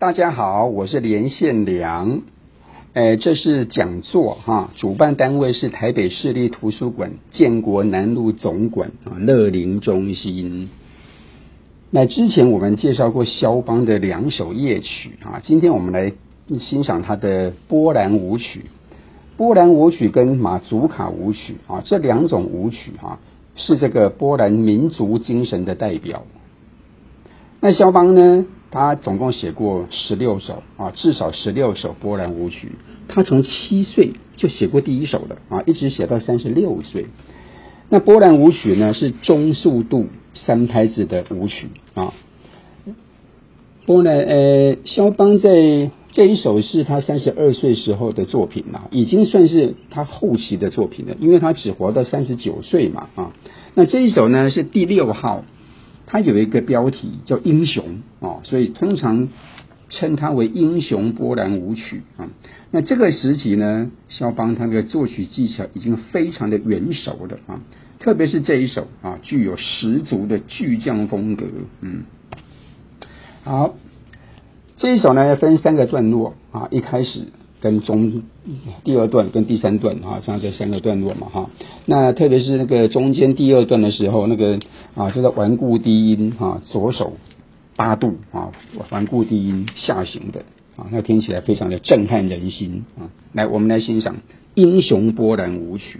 大家好，我是連憲良，呃這是講座哈，主辦單位是台北市立圖書館建國南路總館啊樂齡中心。那之前我們介紹過肖邦的兩首夜曲啊，今天我們來欣賞他的波蘭舞曲。波蘭舞曲跟馬祖卡舞曲啊，這兩種舞曲啊，是這個波蘭民族精神的代表。那肖邦呢？他總共寫過十六首啊，至少十六首波蘭舞曲。他從七歲就寫過第一首了啊，一直寫到三十六歲。那波蘭舞曲呢，是中速度三拍子的舞曲啊。波蘭呃、欸，蕭邦在這一首是他三十二歲時候的作品嘛、啊，已經算是他後期的作品了，因為他只活到三十九歲嘛啊。那這一首呢，是第六號。它有一個標題叫《英雄》啊，哦，所以通常稱它為《英雄波蘭舞曲》啊。那這個時期呢，肖邦他的作曲技巧已經非常的圓熟了啊，特別是這一首啊，具有十足的巨匠風格，嗯。好，這一首呢，分三個段落啊，一開始。跟中第二段跟第三段啊，像這三個段落嘛哈、啊，那特別是那個中間第二段的時候，那個啊叫做頑固低音啊，左手八度啊，頑固低音下行的啊，那聽起來非常的震撼人心啊，來我們來欣賞《英雄波蘭舞曲》。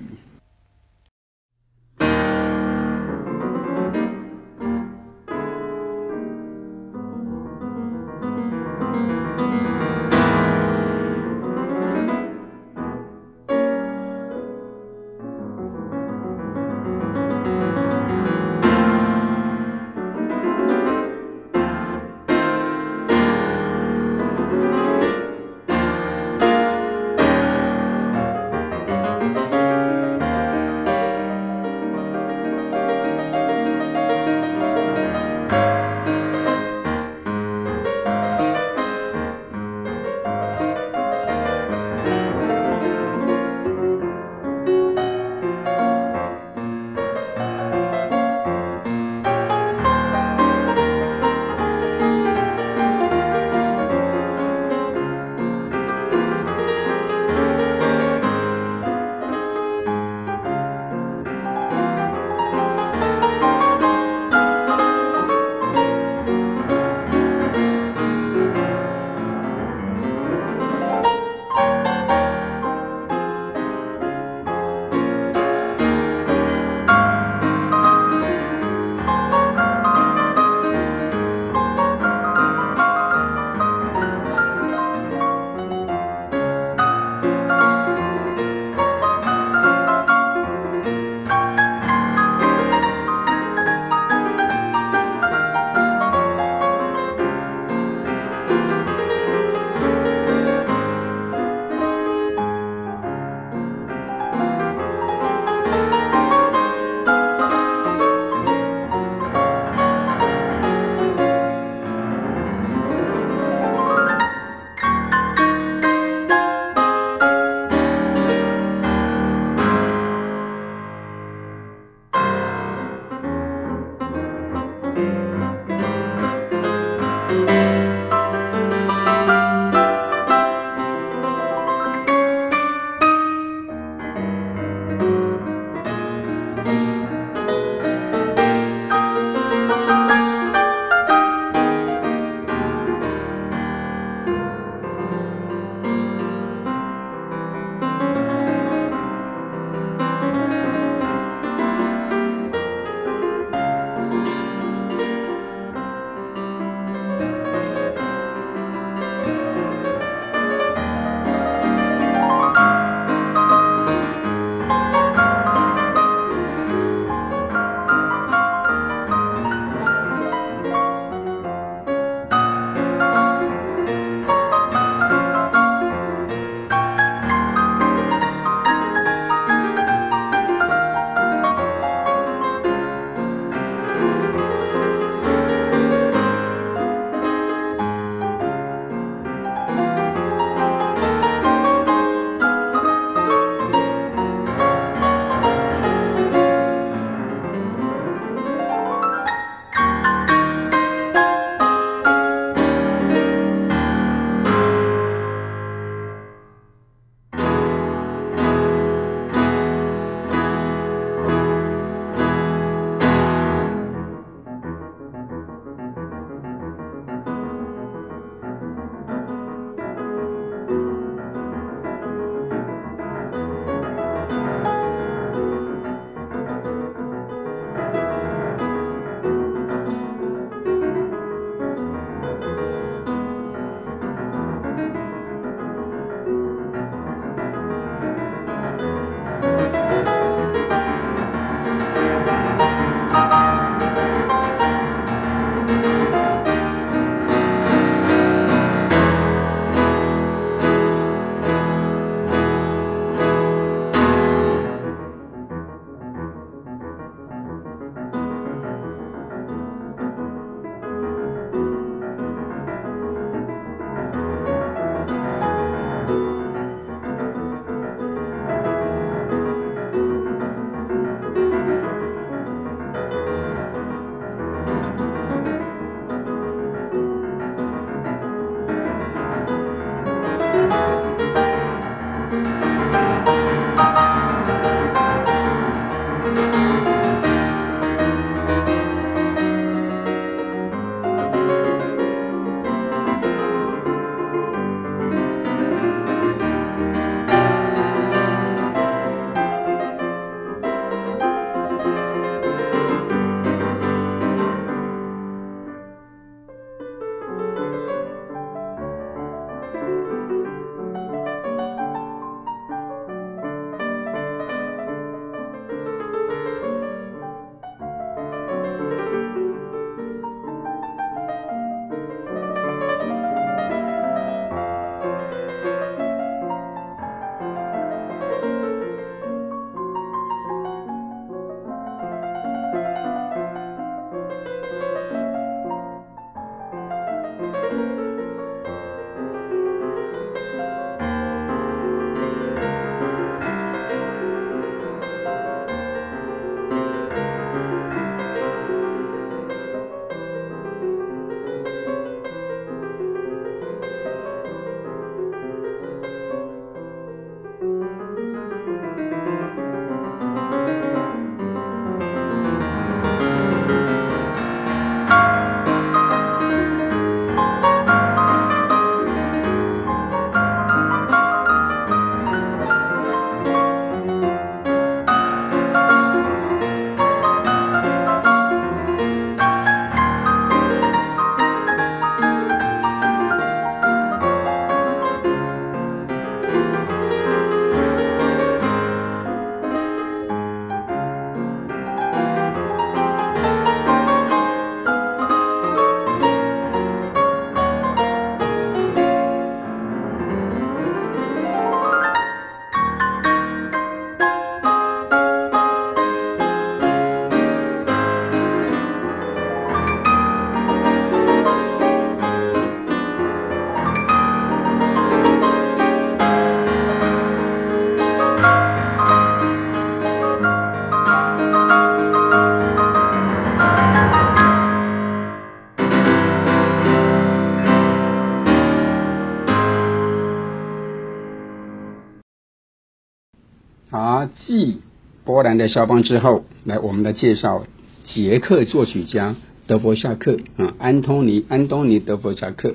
波蘭的肖邦之後，來我們來介紹，捷克作曲家德弗夏克啊安，安東尼安東尼德弗夏克，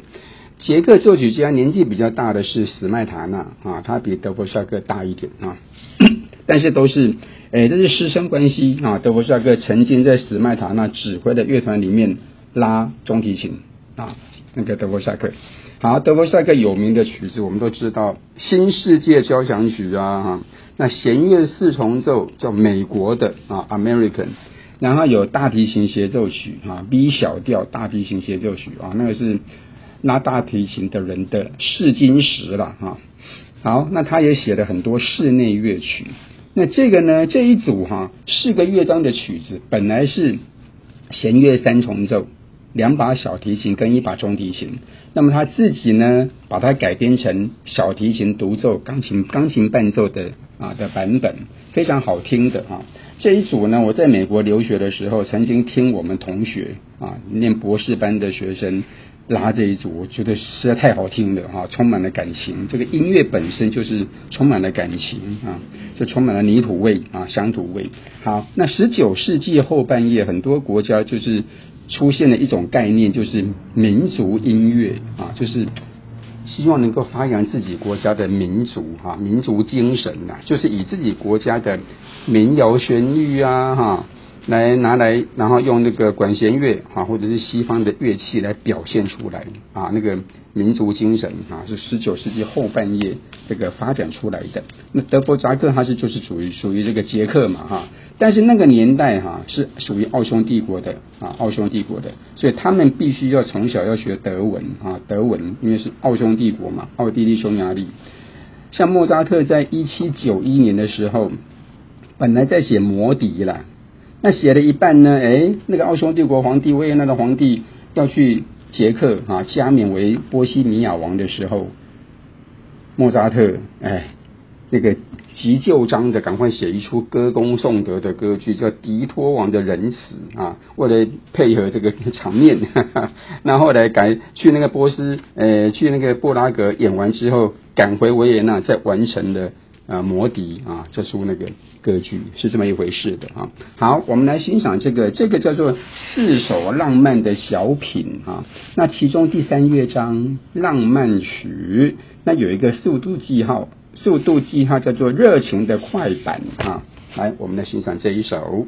捷克作曲家年紀比較大的是史麥塔納啊，他比德弗夏克大一點啊，但是都是誒、哎，這是師生關係啊。德弗夏克曾經在史麥塔納指揮的樂團裡面拉中提琴啊，那個德弗夏克，好，德弗夏克有名的曲子我們都知道，《新世界交響曲》啊啊。那弦樂四重奏叫美國的啊，American，然後有大提琴協奏曲啊，B 小調大提琴協奏曲啊，那個是拉大提琴的人的試金石啦哈。好，那他也寫了很多室內樂曲。那這個呢，這一組哈、啊、四個樂章的曲子本來是弦樂三重奏，兩把小提琴跟一把中提琴。那麼他自己呢，把它改編成小提琴獨奏、鋼琴鋼琴伴奏的。啊的版本非常好聽的啊，這一組呢，我在美國留學的時候，曾經聽我們同學啊，念博士班的學生拉這一組，我覺得實在太好聽了哈、啊，充滿了感情。這個音樂本身就是充滿了感情啊，就充滿了泥土味啊，鄉土味。好，那十九世紀後半葉，很多國家就是出現了一種概念，就是民族音樂啊，就是。希望能夠發揚自己國家的民族哈民族精神吶，就是以自己國家的民謠旋律啊哈。來拿來，然後用那個管弦樂哈、啊、或者是西方的樂器來表現出來啊，那個民族精神啊，是十九世紀後半葉這個發展出來的。那德弗札克他是就是屬於屬於這個捷克嘛哈、啊，但是那個年代哈、啊、是屬於奧匈帝國的啊，奧匈帝國的，所以他們必須要從小要學德文啊，德文，因為是奧匈帝國嘛，奧地利匈牙利。像莫扎特在一七九一年的時候，本來在寫《魔笛》啦《魔笛》了。那寫了一半呢，誒，那個奧匈帝國皇帝維也納的皇帝要去捷克啊，加冕為波西米亞王的時候，莫扎特哎，那個急就章的趕快寫一出歌功頌德的歌劇，叫《迪托王的仁慈》啊，為了配合這個場面。哈哈，那後來趕去那個波斯，呃，去那個布拉格演完之後，趕回維也納再完成的。呃，魔笛啊，這出那個歌劇是這麼一回事的啊。好，我們來欣賞這個，這個叫做四首浪漫的小品啊。那其中第三樂章浪漫曲，那有一個速度記號，速度記號叫做熱情的快板啊。來，我們來欣賞這一首。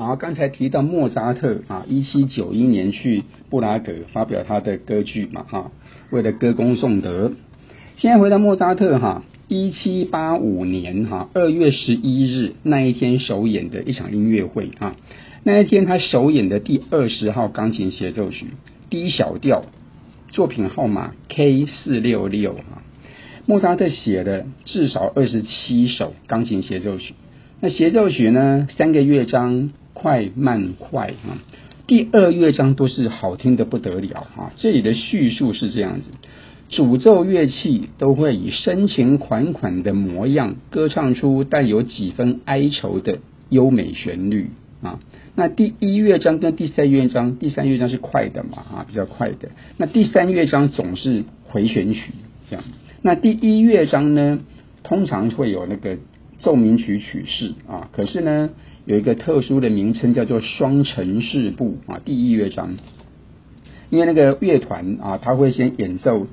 好，剛才提到莫扎特啊，一七九一年去布拉格發表他的歌劇嘛，哈、啊，為了歌功頌德。現在回到莫扎特哈、啊，一七八五年哈、啊、二月十一日那一天首演的一場音樂會啊，那一天他首演的第二十號鋼琴協奏曲 D 小調，作品號碼 K 四六六哈，莫扎特寫了至少二十七首鋼琴協奏曲，那協奏曲呢，三個樂章。快慢快啊！第二樂章都是好聽的不得了啊！這裡的敘述是這樣子，主奏樂器都會以深情款款的模樣，歌唱出帶有幾分哀愁的優美旋律啊。那第一樂章跟第三樂章，第三樂章是快的嘛，啊，比較快的。那第三樂章總是回旋曲這樣。那第一樂章呢，通常會有那個。奏鳴曲曲式啊，可是呢有一個特殊的名稱叫做雙呈示部啊，第一樂章，因為那個樂團啊，他會先演奏，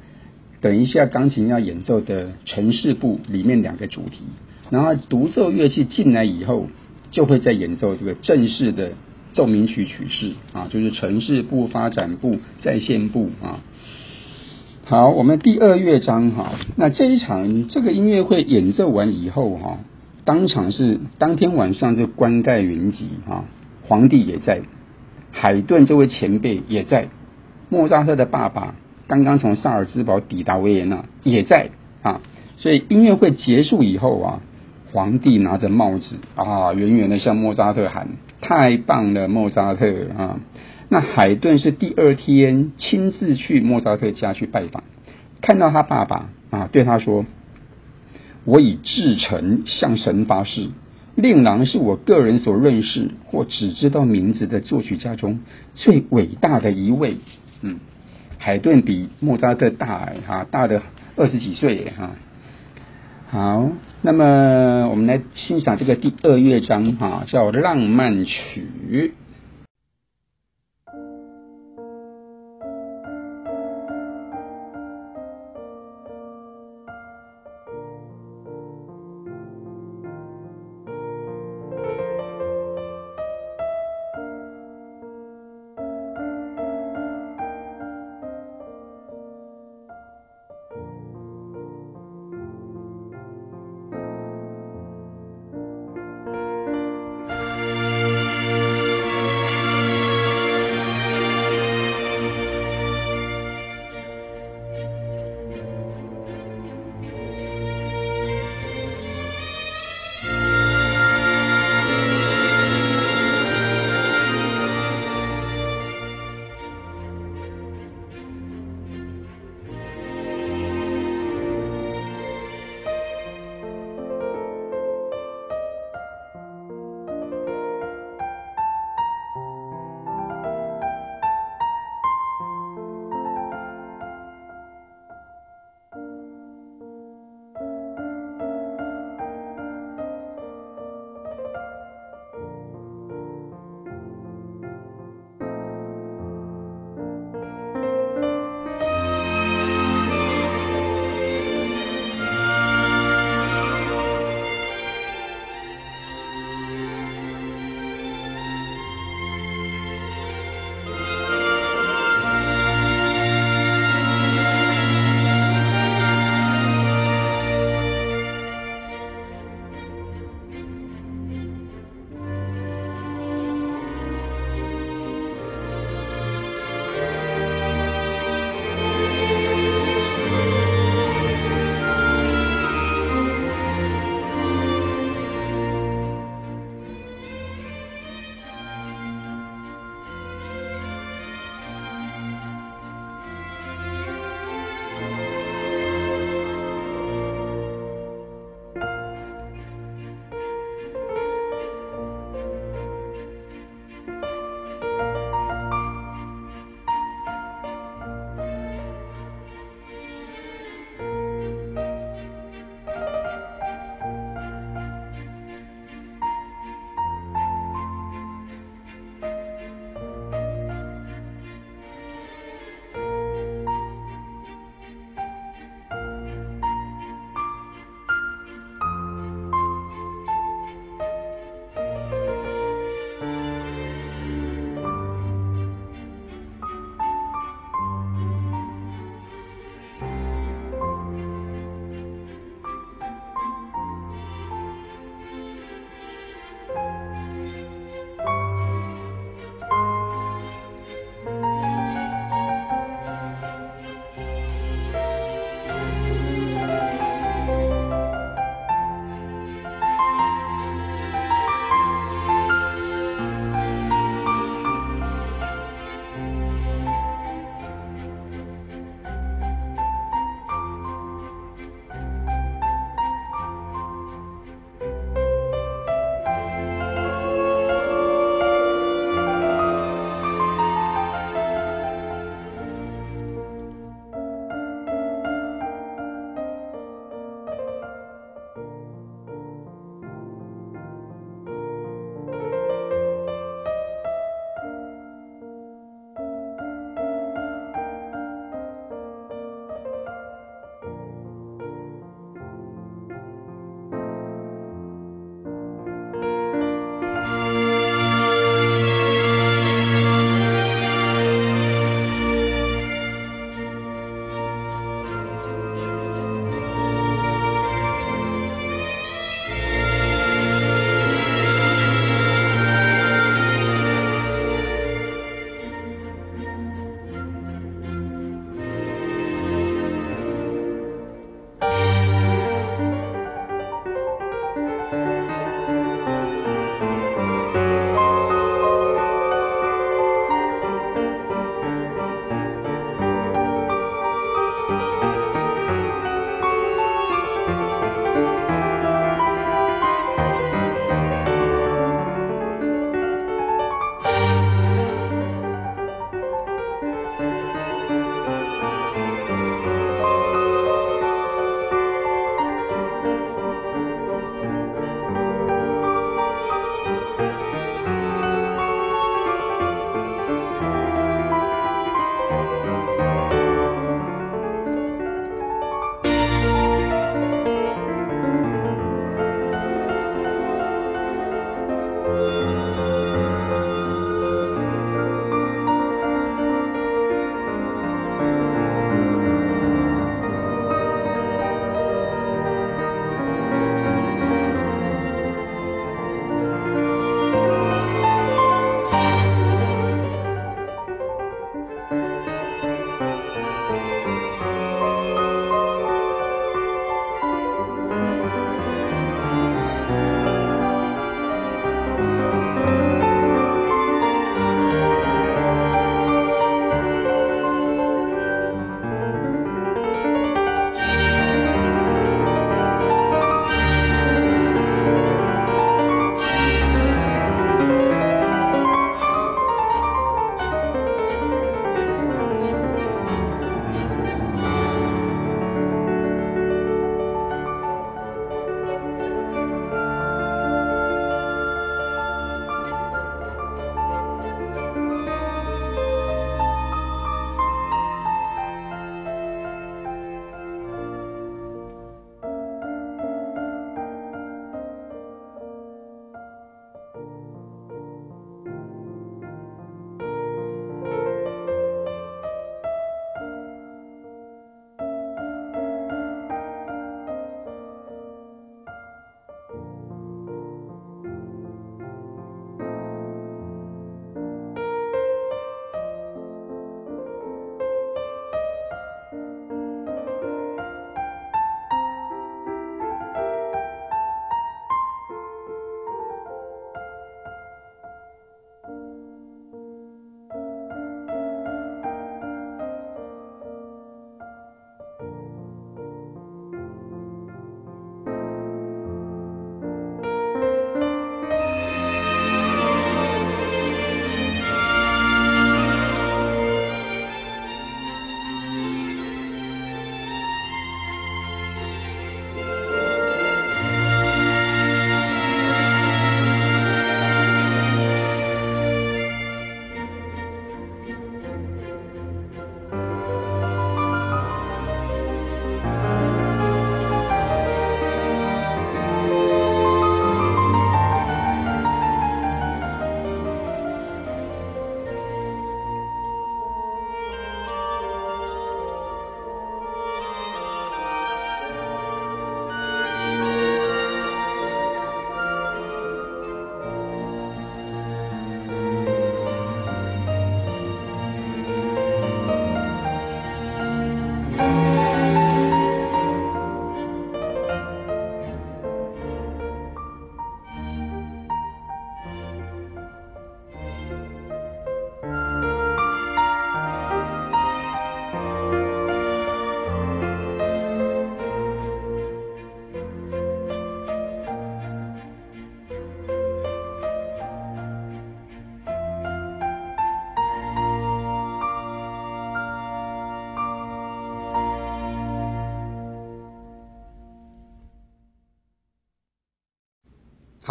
等一下鋼琴要演奏的呈示部裡面兩個主題，然後獨奏樂器進來以後，就會再演奏這個正式的奏鳴曲曲式啊，就是呈示部、發展部、再現部啊。好，我們第二樂章哈、啊，那這一場這個音樂會演奏完以後哈、啊。當場是當天晚上就冠蓋雲集啊，皇帝也在，海頓這位前輩也在，莫扎特的爸爸剛剛從薩爾茨堡抵達維也納也在啊，所以音樂會結束以後啊，皇帝拿着帽子啊，遠遠的向莫扎特喊：“太棒了，莫扎特啊！”那海頓是第二天親自去莫扎特家去拜訪，看到他爸爸啊，對他說。我以至誠向神發誓，令郎是我個人所認識或只知道名字的作曲家中最偉大的一位。嗯，海頓比莫扎特大啊，大的二十幾歲哈。好，那麼我們來欣賞這個第二樂章哈，叫《浪漫曲》。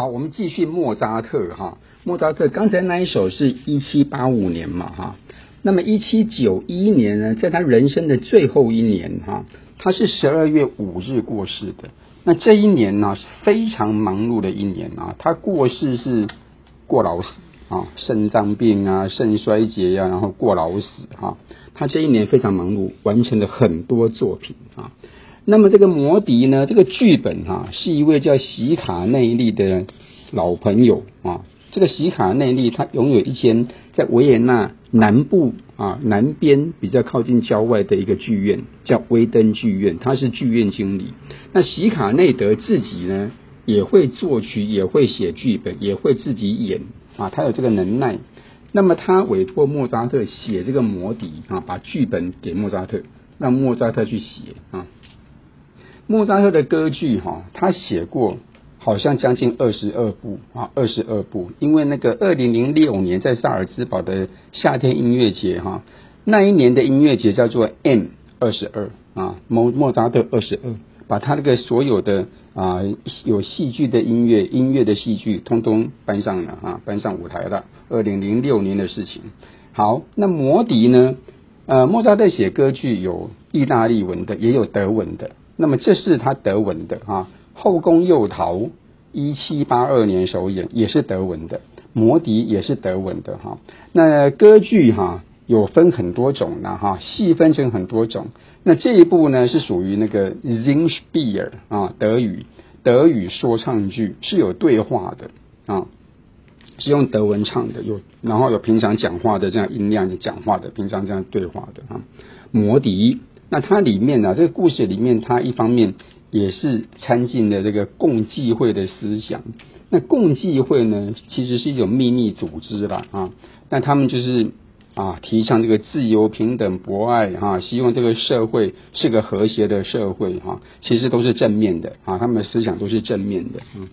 好，我們繼續莫扎特哈，莫扎特剛才那一首是一七八五年嘛哈，那麼一七九一年呢，在他人生的最後一年哈，他是十二月五日過世的。那這一年呢、啊、是非常忙碌的一年啊，他過世是過勞死啊，腎臟病啊，腎衰竭呀、啊，然後過勞死啊。他這一年非常忙碌，完成了很多作品啊。那麼這個魔笛呢？這個劇本啊，是一位叫席卡內利的老朋友啊。這個席卡內利他擁有一間在維也納南部啊，南邊比較靠近郊外的一個劇院，叫威登劇院，他是劇院經理。那席卡內德自己呢，也會作曲，也會寫劇本，也會自己演啊，他有這個能耐。那麼他委託莫扎特寫這個魔笛啊，把劇本給莫扎特，讓莫扎特去寫啊。莫扎特的歌劇哈、啊，他寫過好像將近二十二部啊，二十二部。因為那個二零零六年在薩爾茨堡的夏天音樂節哈、啊，那一年的音樂節叫做 M 二十二啊，莫莫扎特二十二，把他那個所有的啊有戲劇的音樂、音樂的戲劇，通通搬上了啊，搬上舞台了。二零零六年的事情。好，那魔笛呢？呃，莫扎特寫歌劇有意大利文的，也有德文的。那麼這是他德文的哈、啊，《後宮誘逃》，一七八二年首演也是德文的，魔笛也是德文的哈、啊。那歌劇哈、啊、有分很多種的、啊、哈、啊，細分成很多種。那這一部呢是屬於那個 Singspiel 啊，德語德語說唱劇是有對話的啊，是用德文唱的，有然後有平常講話的這樣音量講話的平常這樣對話的啊，魔笛。那它裡面呢、啊，這個故事裡面，它一方面也是參進了這個共濟會的思想。那共濟會呢，其實是一種秘密組織吧？啊。那他們就是啊，提倡這個自由、平等、博愛啊，希望這個社會是個和諧的社會哈、啊。其實都是正面的啊，他們的思想都是正面的、啊。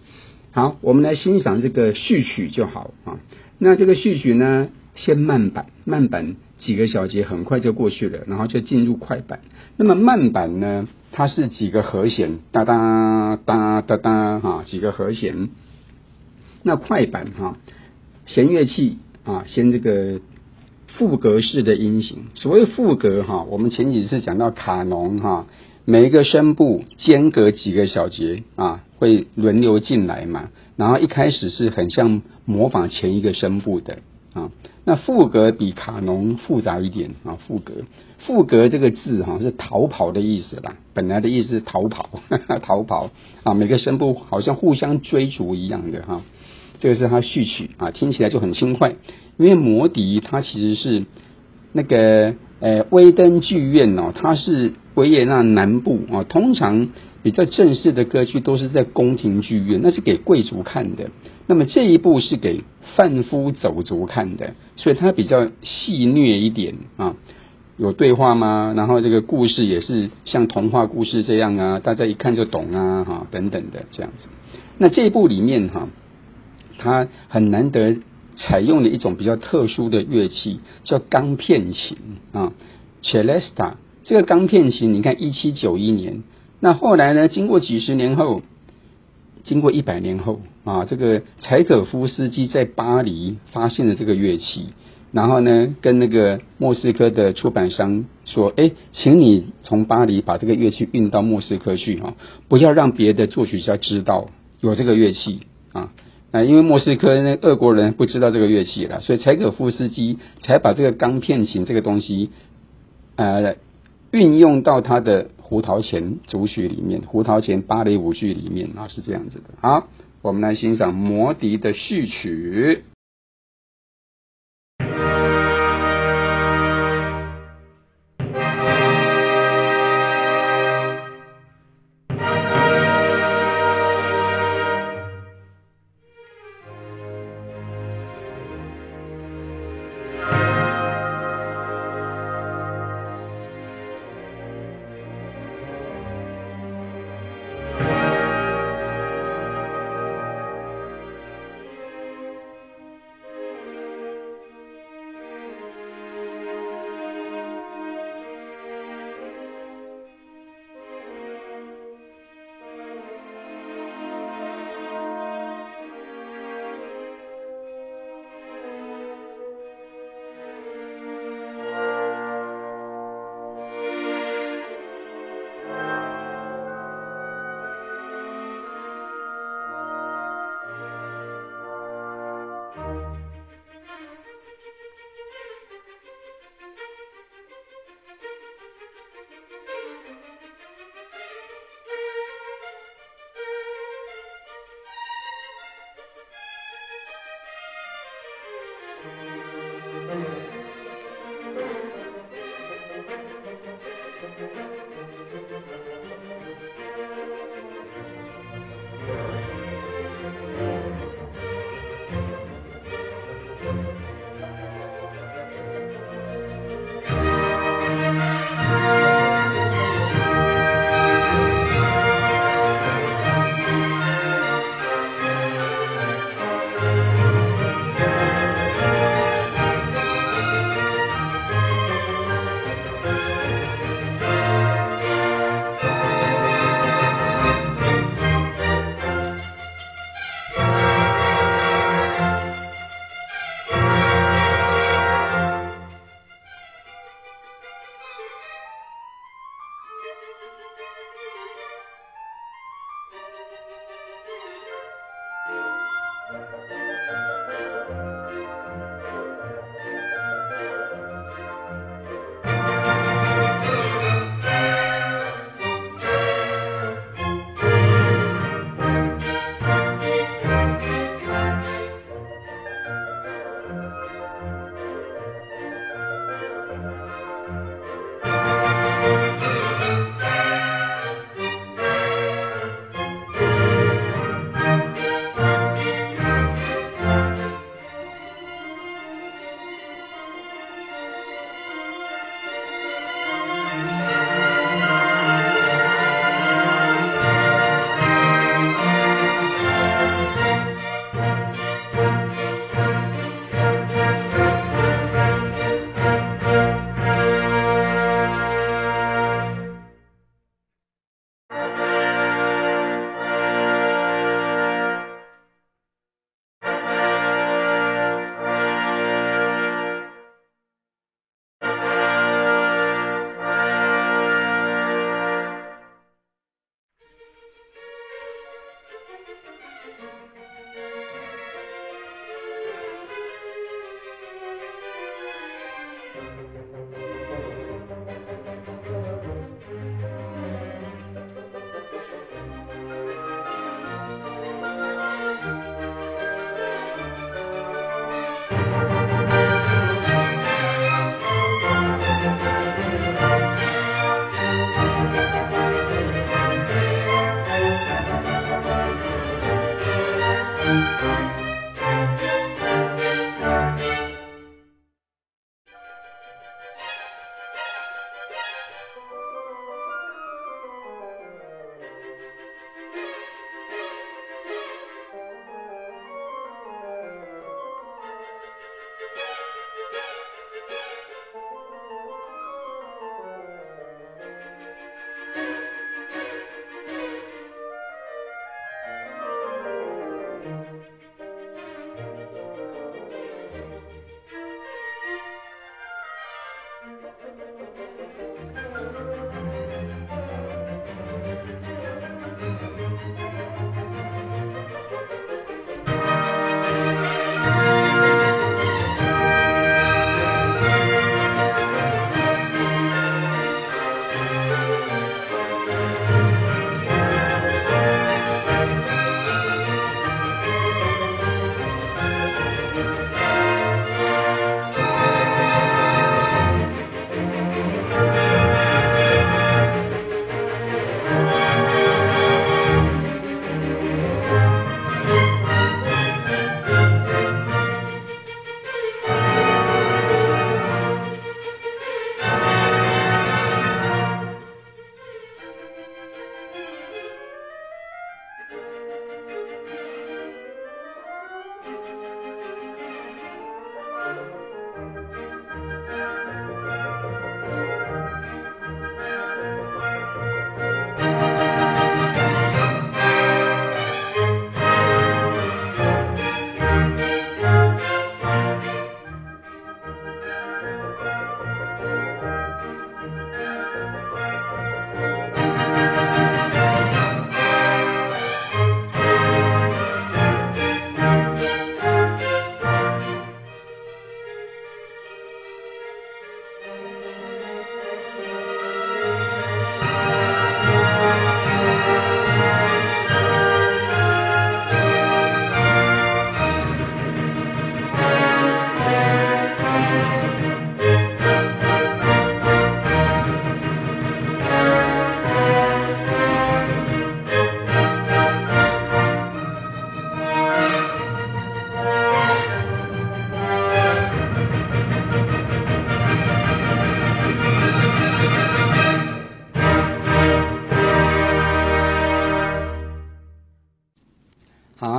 好，我們來欣賞這個序曲就好啊。那這個序曲呢？先慢板，慢板幾個小節很快就過去了，然後就進入快板。那麼慢板呢？它是幾個和弦，噠噠噠噠噠哈，幾個和弦。那快板哈、啊，弦樂器啊，先這個賦格式的音型。所謂賦格哈、啊，我們前幾次講到卡農哈、啊，每一個聲部間隔幾個小節啊，會輪流進來嘛。然後一開始是很像模仿前一個聲部的。啊，那賦格比卡農複雜一點啊。賦格，賦格這個字哈、啊、是逃跑的意思啦，本來的意思是逃跑，呵呵逃跑啊。每個聲部好像互相追逐一樣的哈、啊。這個是他序曲啊，聽起來就很輕快。因為魔笛它其實是那個呃威登劇院哦，它是維也納南部啊。通常比較正式的歌劇都是在宮廷劇院，那是給貴族看的。那麼這一部是給販夫走卒看的，所以它比較戲謔一點啊。有對話嗎？然後這個故事也是像童話故事這樣啊，大家一看就懂啊，哈、啊、等等的這樣子。那這一部裡面哈，它、啊、很難得採用了一種比較特殊的樂器，叫鋼片琴啊，celesta。Esta，這個鋼片琴，你看一七九一年，那後來呢，經過幾十年後，經過一百年後。啊，這個柴可夫斯基在巴黎發現了這個樂器，然後呢，跟那個莫斯科的出版商說：“哎，請你從巴黎把這個樂器運到莫斯科去啊、哦，不要讓別的作曲家知道有這個樂器啊。啊”那因為莫斯科那俄國人不知道這個樂器了，所以柴可夫斯基才把這個鋼片琴這個東西呃運用到他的胡桃鉗組曲裡面、胡桃鉗芭蕾舞劇裡面啊，是這樣子的啊。我們來欣賞《魔笛》的序曲。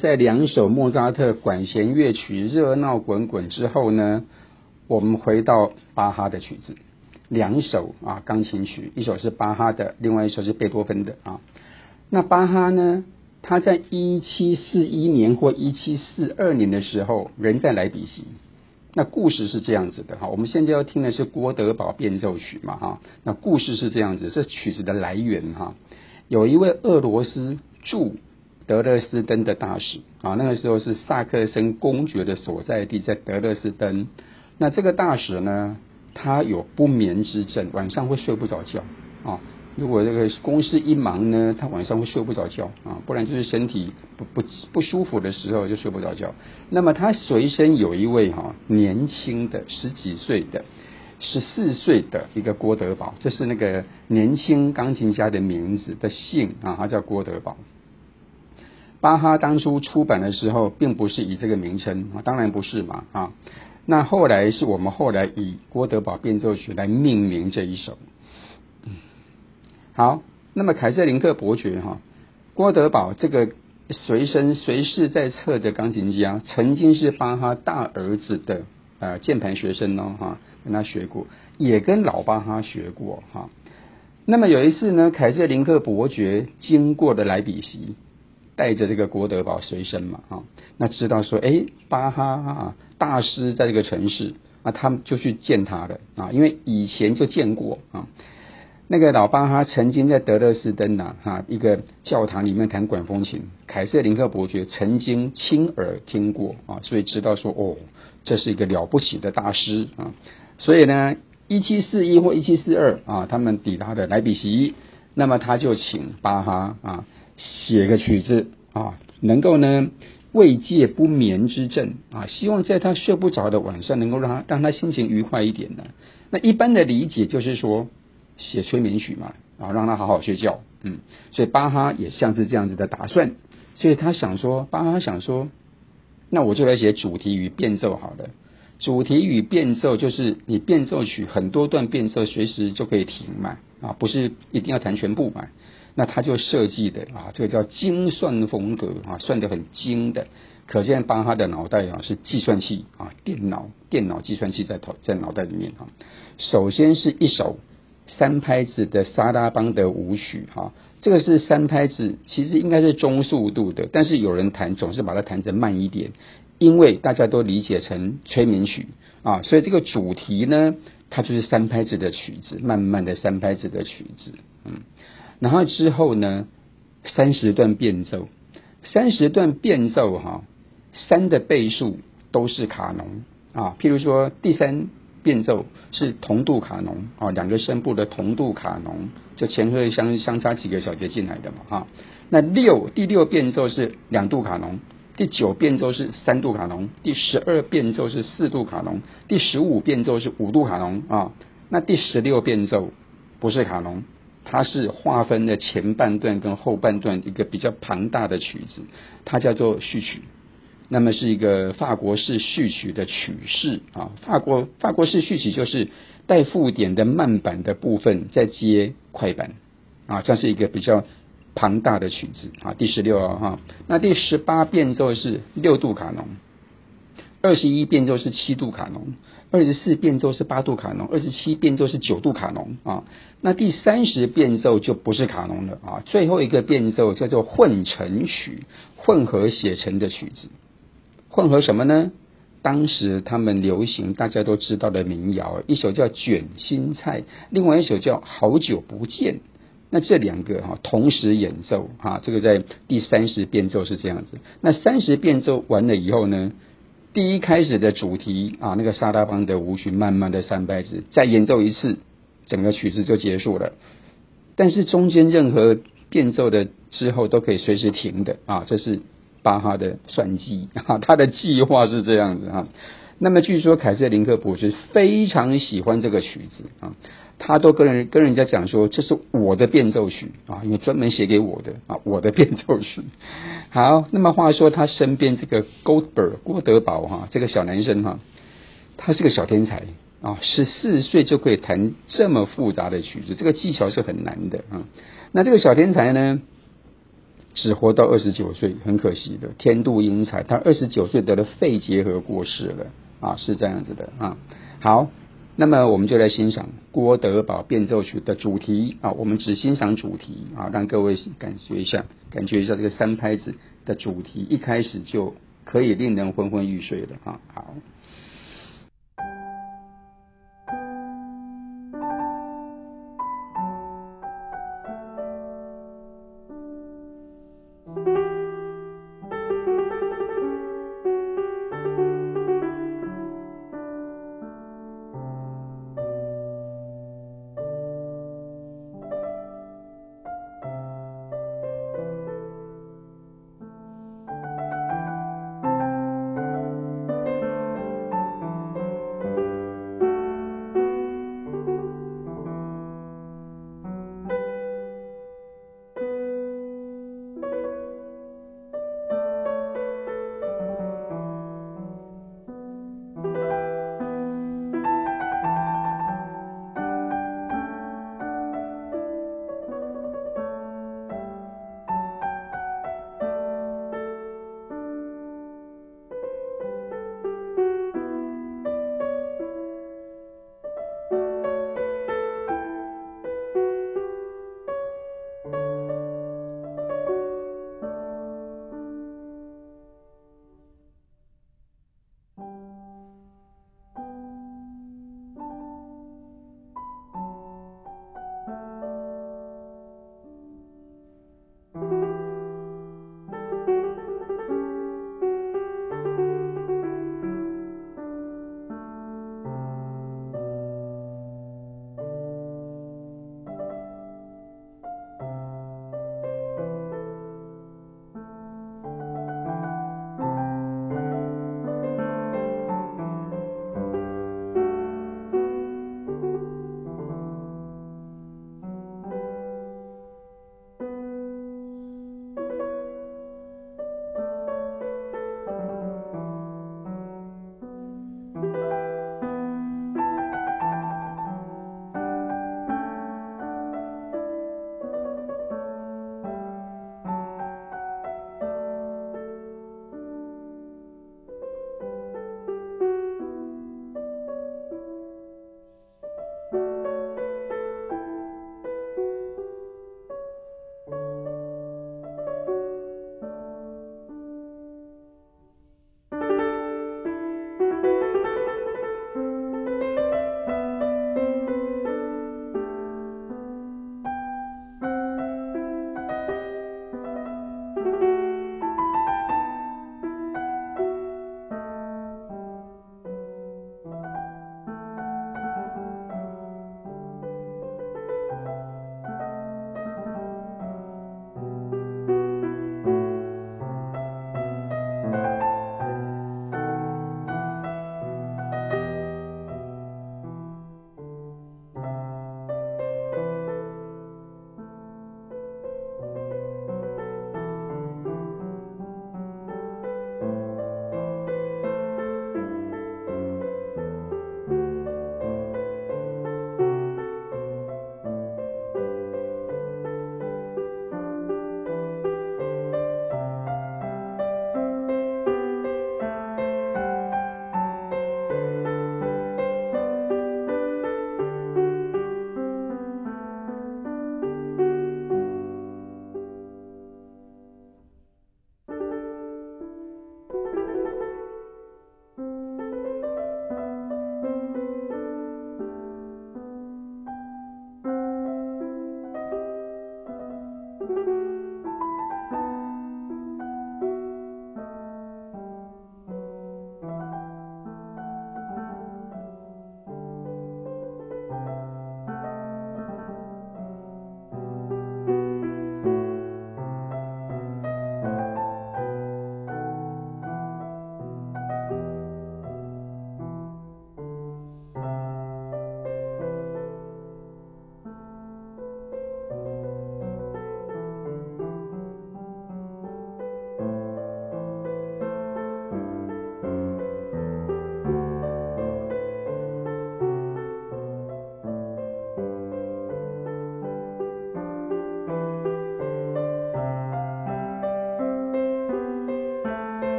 在兩首莫扎特管弦樂曲熱鬧滾滾滾之後呢，我們回到巴哈的曲子，兩首啊鋼琴曲，一首是巴哈的，另外一首是貝多芬的啊。那巴哈呢，他在一七四一年或一七四二年的時候，人在萊比錫。那故事是這樣子的哈、啊，我們現在要聽的是郭德堡變奏曲嘛哈、啊。那故事是這樣子，這曲子的來源哈、啊，有一位俄羅斯駐。德勒斯登的大使啊，那個時候是薩克森公爵的所在地，在德勒斯登。那這個大使呢，他有不眠之症，晚上會睡不着覺啊。如果這個公事一忙呢，他晚上會睡不着覺啊，不然就是身體不不不舒服的時候就睡不着覺。那麼他隨身有一位哈年輕的十幾歲的十四歲的一個郭德堡，這是那個年輕鋼琴家的名字的姓啊，他叫郭德堡。巴哈當初出版的時候，並不是以這個名稱啊，當然不是嘛啊。那後來是我們後來以《郭德堡變奏曲》來命名這一首。嗯、好，那麼凱瑟琳克伯爵哈、啊，郭德堡這個隨身隨侍在側的鋼琴家、啊，曾經是巴哈大兒子的啊、呃、鍵盤學生嘍、哦、哈、啊，跟他學過，也跟老巴哈學過哈、啊。那麼有一次呢，凱瑟琳克伯爵經過的萊比錫。帶着這個郭德堡隨身嘛啊，那知道說，哎，巴哈、啊、大師在這個城市，那、啊、他們就去見他的啊，因為以前就見過啊。那個老巴哈曾經在德勒斯登吶，哈、啊、一個教堂裡面彈管風琴，凱瑟琳克伯爵曾經親耳聽過啊，所以知道說，哦，這是一個了不起的大師啊。所以呢，一七四一或一七四二啊，他們抵達的萊比錫，那麼他就請巴哈啊。寫個曲子啊，能夠呢慰藉不眠之症啊，希望在他睡不着的晚上，能夠讓他讓他心情愉快一點呢，那一般的理解就是說，寫催眠曲嘛，啊，然後讓他好好睡覺。嗯，所以巴哈也像是這樣子的打算，所以他想說，巴哈想說，那我就來寫主題與變奏好了。主題與變奏就是你變奏曲很多段變奏，隨時就可以停嘛，啊，不是一定要彈全部嘛。那他就設計的啊，這個叫精算風格啊，算得很精的。可見巴哈的腦袋啊是計算器啊，電腦電腦計算器在頭在腦袋裡面啊。首先是一首三拍子的薩拉邦德舞曲哈、啊，這個是三拍子，其實應該是中速度的，但是有人彈總是把它彈成慢一點，因為大家都理解成催眠曲啊，所以這個主題呢，它就是三拍子的曲子，慢慢的三拍子的曲子，嗯。然後之後呢？三十段變奏，三十段變奏哈，三的倍數都是卡農啊。譬如說第三變奏是同度卡農啊，兩個聲部的同度卡農，就前後相相差幾個小節進來的嘛哈、啊。那六第六變奏是兩度卡農，第九變奏是三度卡農，第十二變奏是四度卡農，第十五變奏是五度卡農啊。那第十六變奏不是卡農。它是劃分了前半段跟後半段一個比較龐大的曲子，它叫做序曲，那麼是一個法國式序曲的曲式啊、哦。法國法國式序曲就是帶附點的慢板的部分，再接快板啊，這是一個比較龐大的曲子啊。第十六、哦、啊哈，那第十八變奏是六度卡農。二十一變奏是七度卡農，二十四變奏是八度卡農，二十七變奏是九度卡農啊。那第三十變奏就不是卡農了啊。最後一個變奏叫做混成曲，混合寫成的曲子，混合什麼呢？當時他們流行大家都知道的民謠，一首叫卷心菜，另外一首叫好久不見。那這兩個哈、啊、同時演奏啊這個在第三十變奏是這樣子。那三十變奏完了以後呢？第一開始的主題啊，那個薩拉邦德舞曲，慢慢的三拍子，再演奏一次，整個曲子就結束了。但是中間任何變奏的之後都可以隨時停的啊，這是巴哈的算計啊，他的計劃是這樣子啊。那麼據說凱瑟林克伯爵非常喜歡這個曲子啊。他都跟人跟人家講說，這是我的變奏曲啊，因為專門寫給我的啊，我的變奏曲。好，那麼話說他身邊這個 Goldberg 郭德寶哈、啊，這個小男生哈、啊，他是個小天才啊，十四歲就可以彈這麼複雜的曲子，這個技巧是很難的啊。那這個小天才呢，只活到二十九歲，很可惜的，天妒英才。他二十九歲得了肺結核過世了啊，是這樣子的啊。好。那麼我們就來欣賞郭德堡變奏曲的主題啊，我們只欣賞主題啊，讓各位感覺一下，感覺一下這個三拍子的主題，一開始就可以令人昏昏欲睡了啊，好。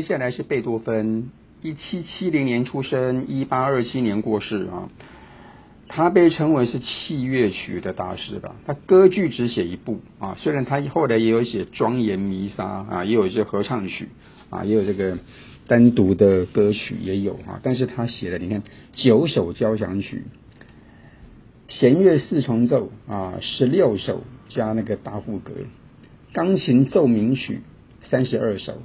接下來是貝多芬，一七七零年出生，一八二七年過世啊。他被稱為是器樂曲的大師吧？他歌劇只寫一部啊，雖然他後來也有寫莊嚴彌撒啊，也有一些合唱曲啊，也有這個單獨的歌曲也有啊，但是他寫的，你看九首交響曲，弦樂四重奏啊，十六首加那個大賦格，鋼琴奏鳴曲三十二首。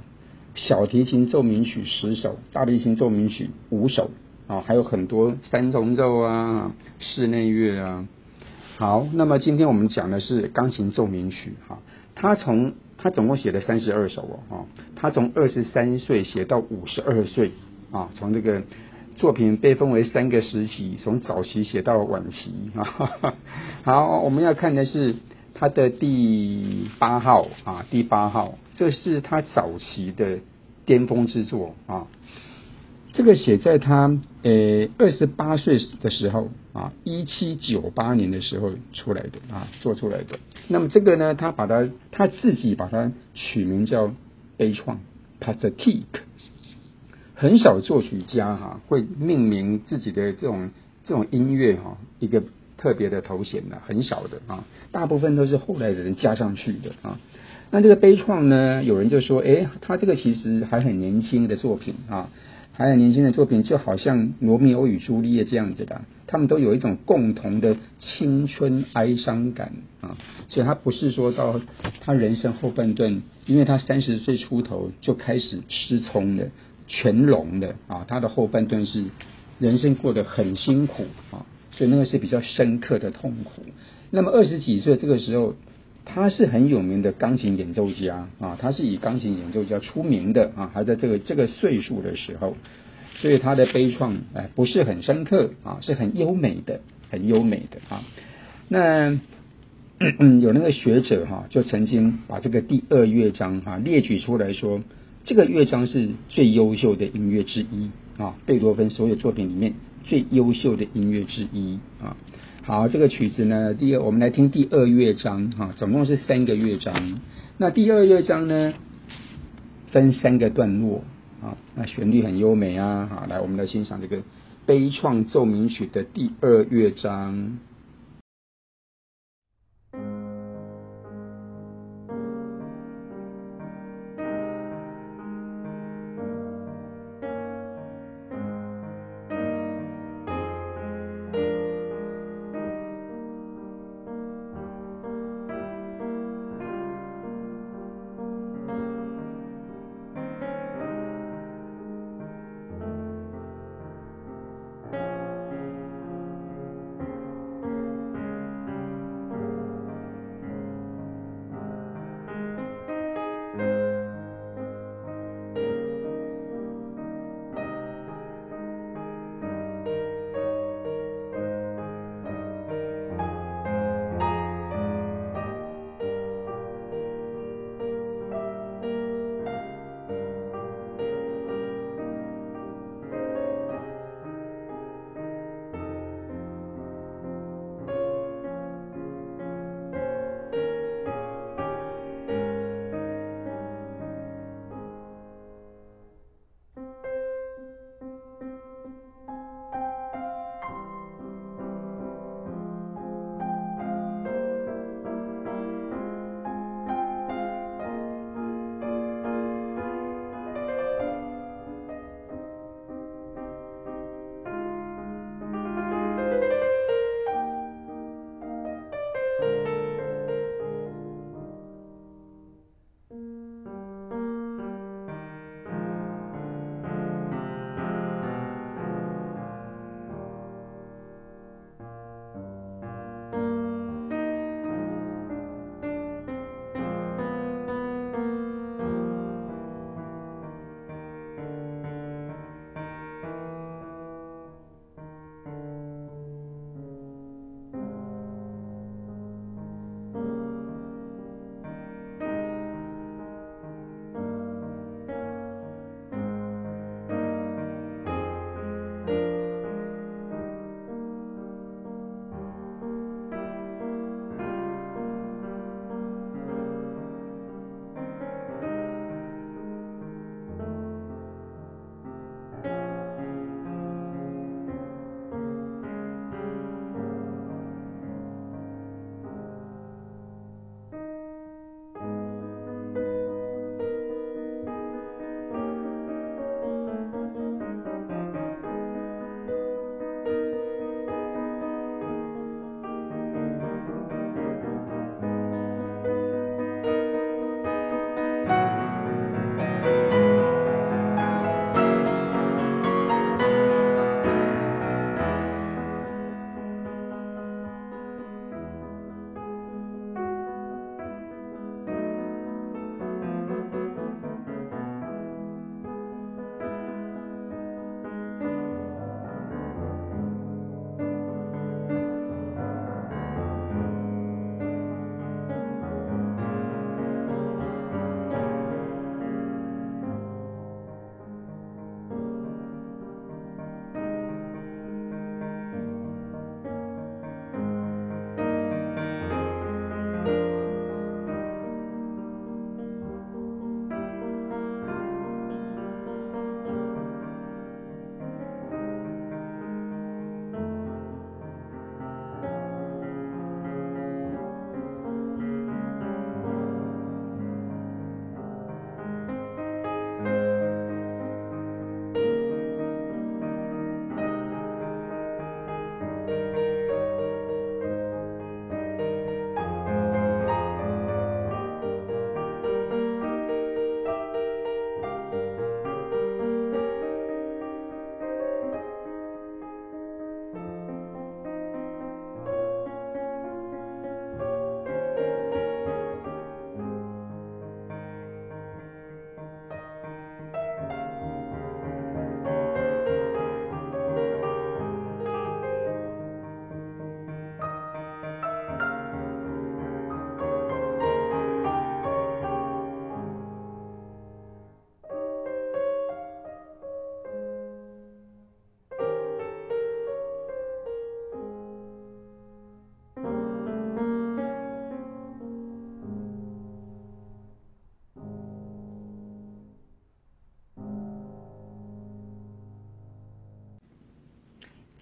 小提琴奏鳴曲十首，大提琴奏鳴曲五首啊、哦，還有很多三重奏啊，室內樂啊。好，那麼今天我們講的是鋼琴奏鳴曲哈，他、哦、從他總共寫了三十二首哦，他從二十三歲寫到五十二歲啊、哦，從這個作品被分為三個時期，從早期寫到晚期啊。好，我們要看的是。他的第八號啊，第八號，這是他早期的巔峰之作啊。這個寫在他呃二十八歲的時候啊，一七九八年的時候出來的啊，做出來的。那麼這個呢，他把他他自己把它取名叫 1,《悲愴 p a t h é t i c e，很少作曲家哈、啊、會命名自己的這種這種音樂哈、啊、一個特別的頭銜呢、啊，很少的啊，大部分都是後來的人加上去的啊。那這個悲愴呢，有人就說，哎、欸，他這個其實還很年輕的作品啊，還很年輕的作品，就好像羅密歐與朱麗葉這樣子的、啊，他們都有一種共同的青春哀傷感啊。所以，他不是說到他人生後半段，因為他三十歲出頭就開始失聰了、全聾的啊。他的後半段是人生過得很辛苦啊。所以那個是比較深刻的痛苦。那麼二十幾歲這個時候，他是很有名的鋼琴演奏家啊，他是以鋼琴演奏家出名的啊，還在這個這個歲數的時候，所以他的悲愴，呃，不是很深刻啊，是很優美的，很優美的啊。那咳咳有那個學者哈，啊，就曾經把這個第二樂章哈，啊，列舉出來說，這個樂章是最優秀的音樂之一啊，貝多芬所有作品裡面。最優秀的音樂之一啊！好，這個曲子呢，第二，我們來聽第二樂章哈，總共是三個樂章。那第二樂章呢，分三個段落啊。那旋律很優美啊，好，來，我們來欣賞這個悲愴奏鳴曲的第二樂章。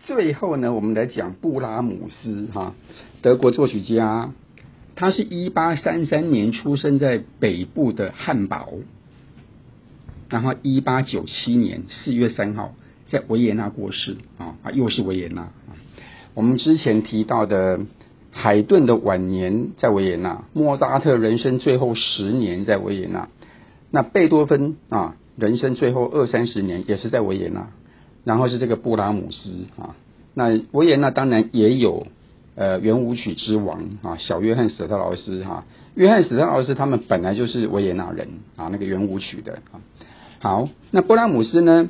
最後呢，我們來講布拉姆斯哈，德國作曲家，他是一八三三年出生在北部的漢堡，然後一八九七年四月三號在維也納過世啊，又是維也納。我們之前提到的海頓的晚年在維也納，莫扎特人生最後十年在維也納，那貝多芬啊，人生最後二三十年也是在維也納。然後是這個布拉姆斯啊，那維也納當然也有呃圓舞曲之王啊，小約翰·史特勞斯哈，約翰·史特勞斯他們本來就是維也納人啊，那個圓舞曲的啊。好，那布拉姆斯呢，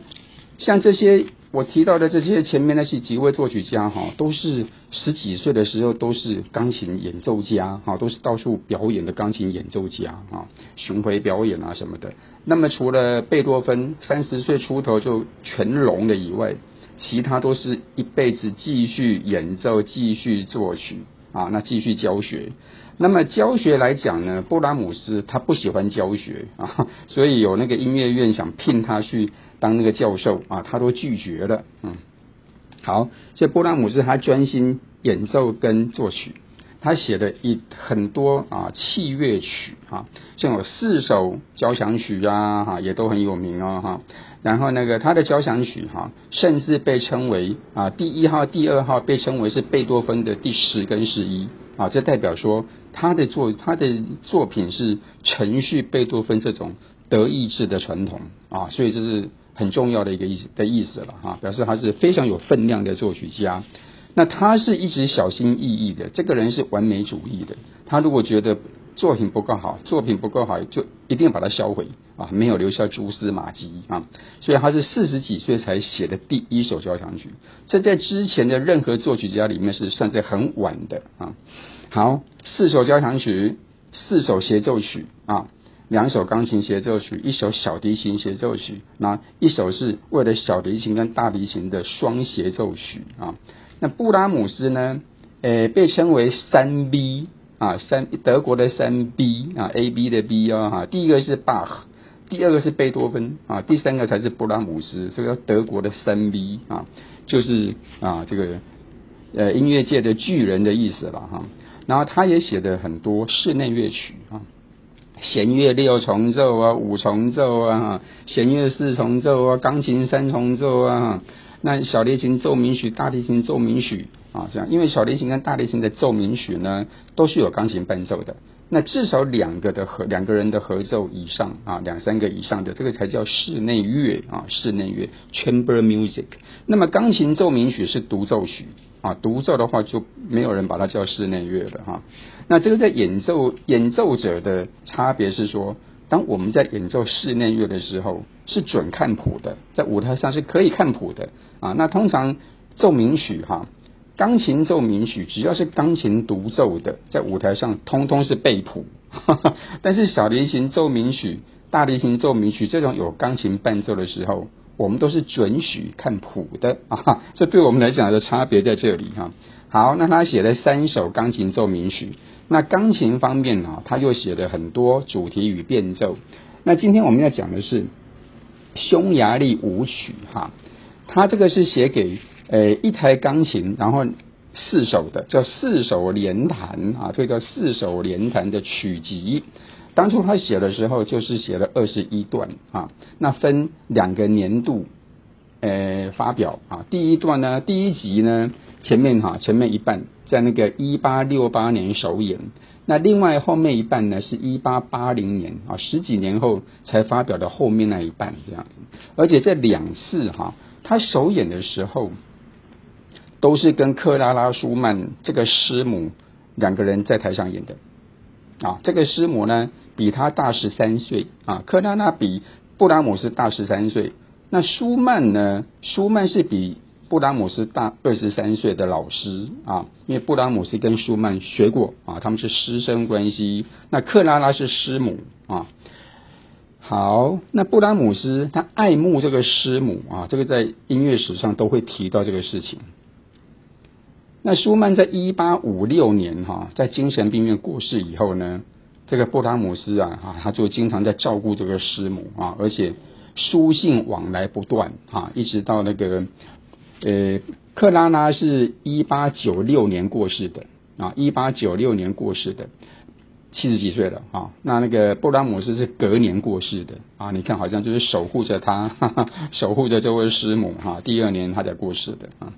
像這些。我提到的這些前面那些幾位作曲家哈，都是十幾歲的時候都是鋼琴演奏家哈，都是到處表演的鋼琴演奏家哈，巡迴表演啊什麼的。那麼除了貝多芬三十歲出頭就全聾了以外，其他都是一輩子繼續演奏、繼續作曲啊，那繼續教學。那麼教學來講呢，布拉姆斯他不喜歡教學啊，所以有那個音樂院想聘他去當那個教授啊，他都拒絕了。嗯，好，所以布拉姆斯他專心演奏跟作曲，他寫了一很多啊器樂曲啊，像有四首交響曲啊，哈、啊、也都很有名哦，哈、啊。然後那個他的交響曲哈、啊，甚至被稱為啊第一號、第二號被稱為是貝多芬的第十跟十一。啊，這代表說他的作他的作品是承續貝多芬這種德意志的傳統啊，所以這是很重要的一個意思的意思了啊，表示他是非常有分量的作曲家。那他是一直小心翼翼的，這個人是完美主義的，他如果覺得。作品不夠好，作品不夠好，就一定要把它銷毀啊！沒有留下蛛絲馬跡啊！所以他是四十幾歲才寫的第一首交響曲，這在之前的任何作曲家裡面是算在很晚的啊！好，四首交響曲，四首協奏曲啊，兩首鋼琴協奏曲，一首小提琴協奏曲，那、啊、一首是為了小提琴跟大提琴的雙協奏曲啊！那布拉姆斯呢？誒、呃，被稱為三 B。啊，三德國的三 B 啊，AB 的 B 啊，哈，第一個是巴赫，第二個是貝多芬，啊，第三個才是勃拉姆斯，這個德國的三 B 啊，就是啊這個呃音樂界的巨人的意思了哈、啊。然後他也寫的很多室內樂曲啊，弦樂六重奏啊，五重奏啊，弦樂四重奏啊，鋼琴三重奏啊，那小提琴奏鳴曲，大提琴奏鳴曲。啊，這樣，因為小提琴跟大提琴的奏鳴曲呢，都是有鋼琴伴奏的。那至少兩個的合，兩個人的合奏以上啊，兩三個以上的，這個才叫室內樂啊，室內樂 （chamber music）。那麼，鋼琴奏鳴曲是獨奏曲啊，獨奏的話就沒有人把它叫室內樂了哈、啊。那這個在演奏演奏者的差別是說，當我們在演奏室內樂的時候，是准看譜的，在舞台上是可以看譜的啊。那通常奏鳴曲哈。啊鋼琴奏鳴曲只要是鋼琴獨奏的，在舞台上通通是背譜，哈哈，但是小提琴奏鳴曲、大提琴奏鳴曲這種有鋼琴伴奏的時候，我們都是准許看譜的啊。這對我們來講的差別在這裡哈、啊。好，那他寫了三首鋼琴奏鳴曲，那鋼琴方面呢、啊，他又寫了很多主題與變奏。那今天我們要講的是匈牙利舞曲哈、啊，他這個是寫給。誒、呃，一台鋼琴，然後四手的叫四手聯彈啊，這個叫四手聯彈的曲集。當初他寫的時候，就是寫了二十一段啊，那分兩個年度誒、呃、發表啊。第一段呢，第一集呢，前面哈、啊、前面一半在那個一八六八年首演，那另外後面一半呢是一八八零年啊，十幾年後才發表的後面那一半這樣子。而且這兩次哈、啊、他首演的時候。都是跟克拉拉·舒曼這個師母兩個人在台上演的啊。這個師母呢，比他大十三歲啊。克拉拉比布拉姆斯大十三歲。那舒曼呢？舒曼是比布拉姆斯大二十三歲的老師啊。因為布拉姆斯跟舒曼學過啊，他們是師生關係。那克拉拉是師母啊。好，那布拉姆斯他愛慕這個師母啊，這個在音樂史上都會提到這個事情。那舒曼在一八五六年哈，在精神病院過世以後呢，這個布拉姆斯啊，啊他就經常在照顧這個師母啊，而且書信往來不斷啊，一直到那個呃克拉拉是一八九六年過世的啊，一八九六年過世的七十幾歲了啊，那那個布拉姆斯是隔年過世的啊，你看好像就是守護着他，呵呵守護着這位師母哈，啊，第二年他才過世的啊。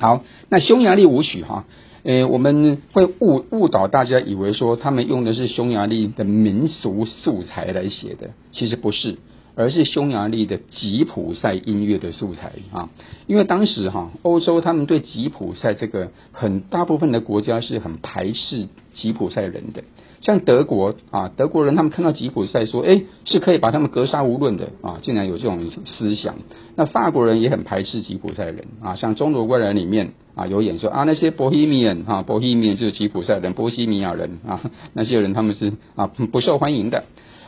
好，那匈牙利舞曲哈、啊，呃，我們會誤誤導大家以為說他們用的是匈牙利的民俗素材來寫的，其實不是，而是匈牙利的吉普賽音樂的素材啊，因為當時哈、啊，歐洲他們對吉普賽這個很大部分的國家是很排斥吉普賽人的。像德國啊，德國人他們看到吉普賽說，誒，是可以把他們格殺勿論的啊，竟然有這種思想。那法國人也很排斥吉普賽人啊。像中歐國人裡面啊，有演說啊，那些 Bohemian 啊，Bohemian 就是吉普賽人，波西米亞人啊，那些人他們是啊不受歡迎的。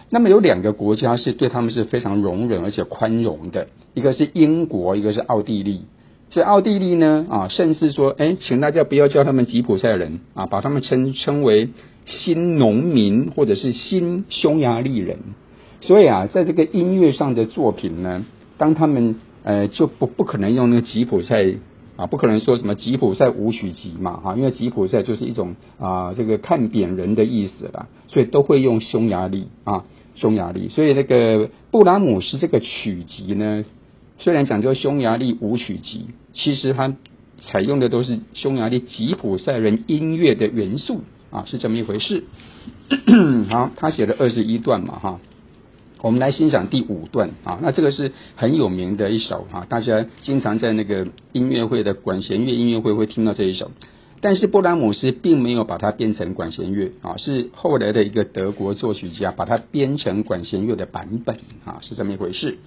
那麼有兩個國家是對他們是非常容忍而且寬容的，一個是英國，一個是奧地利。所以奧地利呢啊，甚至說，誒，請大家不要叫他們吉普賽人啊，把他們稱稱為。新農民或者是新匈牙利人，所以啊，在這個音樂上的作品呢，當他們呃就不不可能用那個吉普賽啊，不可能說什麼吉普賽舞曲集嘛，哈、啊，因為吉普賽就是一種啊這個看扁人的意思啦，所以都會用匈牙利啊匈牙利，所以那個布拉姆斯這個曲集呢，雖然講究匈牙利舞曲集，其實它採用的都是匈牙利吉普賽人音樂的元素。啊，是這麼一回事。好、 啊，他寫了二十一段嘛，哈、啊，我們來欣賞第五段啊。那這個是很有名的一首啊，大家經常在那個音樂會的管弦樂音樂會會聽到這一首。但是布拉姆斯並沒有把它變成管弦樂啊，是後來的一個德國作曲家把它編成管弦樂的版本啊，是這麼一回事。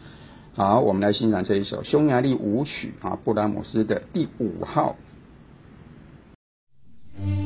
好、啊，我們來欣賞這一首匈牙利舞曲啊，布拉姆斯的第五號。嗯